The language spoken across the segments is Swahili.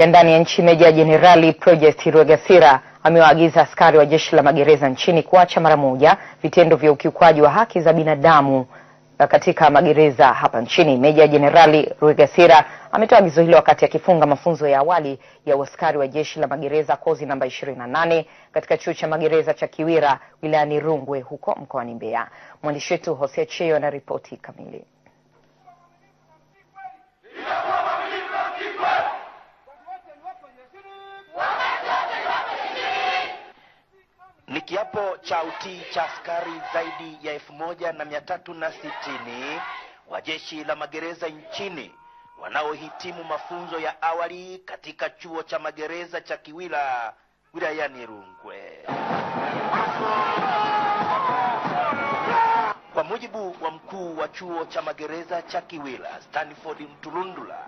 ya ndani ya nchi Meja Jenerali Project Rwegasira amewaagiza askari wa jeshi la magereza nchini kuacha mara moja vitendo vya ukiukwaji wa haki za binadamu katika magereza hapa nchini. Meja Jenerali Rwegasira ametoa agizo hilo wakati akifunga mafunzo ya awali ya uaskari wa jeshi la magereza kozi namba 28 katika chuo cha magereza cha Kiwira wilayani Rungwe huko mkoani Mbeya. Mwandishi wetu Hosea Cheyo ripoti kamili. Kiapo cha utii cha askari zaidi ya elfu moja na mia tatu na sitini wa jeshi la magereza nchini wanaohitimu mafunzo ya awali katika chuo cha magereza cha Kiwila wilayani Rungwe. Kwa mujibu wa mkuu wa chuo cha magereza cha Kiwila Stanford Mturundula,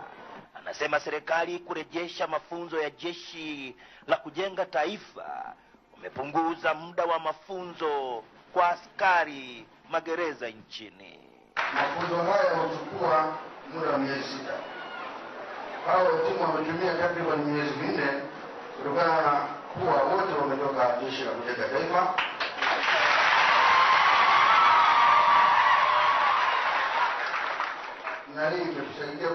anasema serikali kurejesha mafunzo ya jeshi la kujenga taifa umepunguza muda wa mafunzo kwa askari magereza nchini. Mafunzo haya huchukua muda wa miezi sita. Hao watumwa wametumia takriban miezi minne kutokana na kuwa wote wametoka jeshi la kujenga taifa. na hii imetusaidia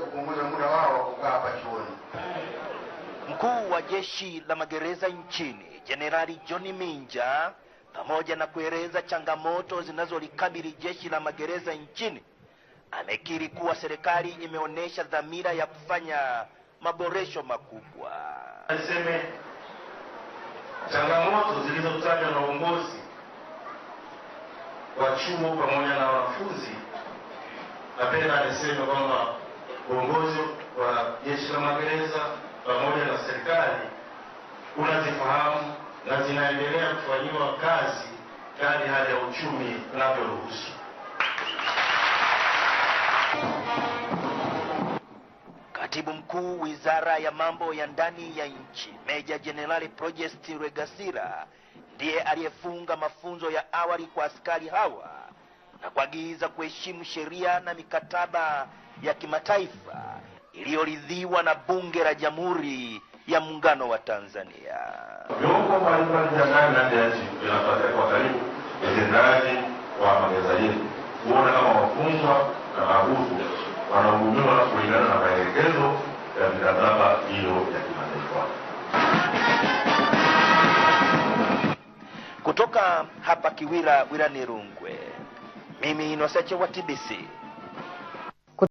Mkuu wa jeshi la magereza nchini Jenerali John Minja, pamoja na kueleza changamoto zinazolikabili jeshi la magereza nchini, amekiri kuwa serikali imeonyesha dhamira ya kufanya maboresho makubwa. Aseme changamoto zilizotajwa na uongozi wa chuo pamoja na wanafunzi, napenda niseme kwamba uongozi wa jeshi la magereza pamoja na serikali unazifahamu na zinaendelea kufanyiwa kazi kadri hali ya uchumi unavyoruhusu. Katibu Mkuu Wizara ya Mambo ya Ndani ya Nchi, Meja Jenerali Projest Regasira ndiye aliyefunga mafunzo ya awali kwa askari hawa na kuagiza kuheshimu sheria na mikataba ya kimataifa iliyoridhiwa na Bunge la Jamhuri ya Muungano wa Tanzania. Viungo mbalimbali vya ndani na nje ya nchi vinafuatilia kwa karibu utendaji wa magereza yetu kuona kama wafunzwa na mahabusu wanahudumiwa kulingana na maelekezo ya mikataba hiyo ya kimataifa. Kutoka hapa Kiwira, wilayani Rungwe, mimi Inoseche wa TBC.